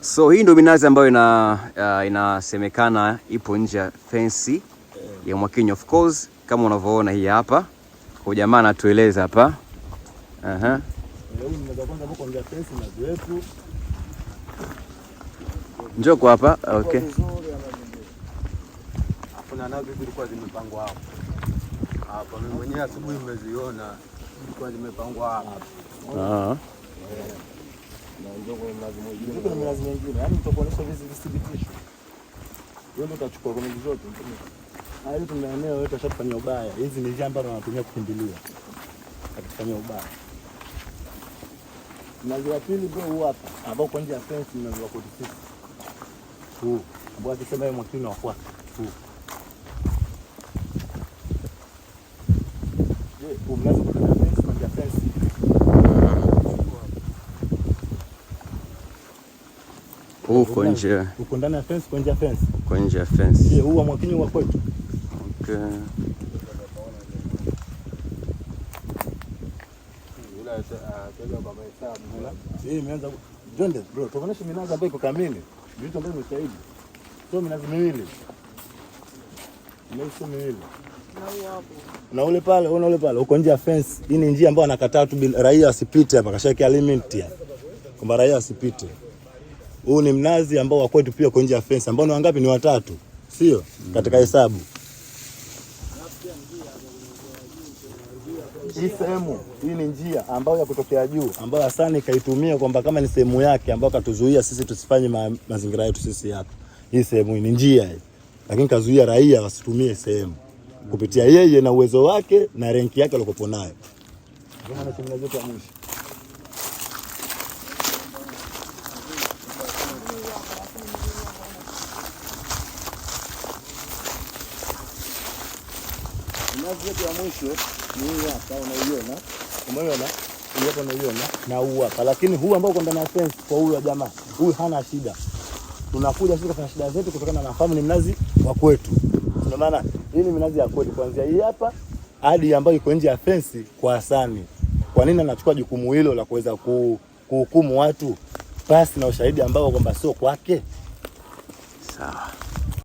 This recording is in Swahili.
So hii ndio minazi ambayo ina uh, inasemekana ipo nje ya fence ya Mwakinyo of course, kama unavyoona hii hapa. Kwa jamaa anatueleza hapa uh -huh. Njoo kwa hapa okay kidogo mlazi mwingine. Kidogo mlazi mwingine. Yaani mtakuonesha hizi vithibitisho. Wewe utachukua kwenye zote. Ah, hiyo wewe utashafanya ubaya. Hizi ni njia ambazo wanatumia kukimbilia. Atakufanyia ubaya. Mlazi wa pili ndio huu hapa, ambao kwa njia ya fence mlazi wa 46. Huu. Mbona akisema yeye mwakini wafuata. Huu. Je, huko nje. Uko ndani ya fence, uko nje ya fence. Uko nje ya fence. Ndio huu Mwakinyo wa kwetu? Okay. Na ule pale, una ule pale, uko nje ya fence. Hii ni njia ambayo anakataa tu raia asipite hapa, kashawekea limit ya. Kwamba raia asipite huu ni mnazi ambao wa kwetu pia uko nje ya fence, ambao ni wangapi? Ni watatu, sio? mm. katika hesabu hii sehemu hii ni njia ambayo ya kutokea juu ambayo Hasani kaitumia kwamba kama ni sehemu yake ambayo katuzuia sisi tusifanye ma, mazingira yetu sisi hapa. Hii sehemu ni njia lakini kazuia raia wasitumie sehemu kupitia yeye na uwezo wake na renki yake aliyokuwa nayo. nazi yetu ya mwisho ni hii hapa, unaiona umeona hii hapa, unaiona na huu hapa. Lakini huu ambao uko ndani ya fence kwa huyu jamaa huyu hana shida, tunakuja sisi kwa shida zetu, kutokana na famu ni mnazi wa kwetu. Ndio maana hii ni mnazi ya kwetu, kuanzia hii hapa hadi ambayo iko nje ya fence kwa Hasani. Kwa nini anachukua jukumu hilo la kuweza kuhukumu watu pasi na ushahidi ambao kwamba sio kwake? Sawa.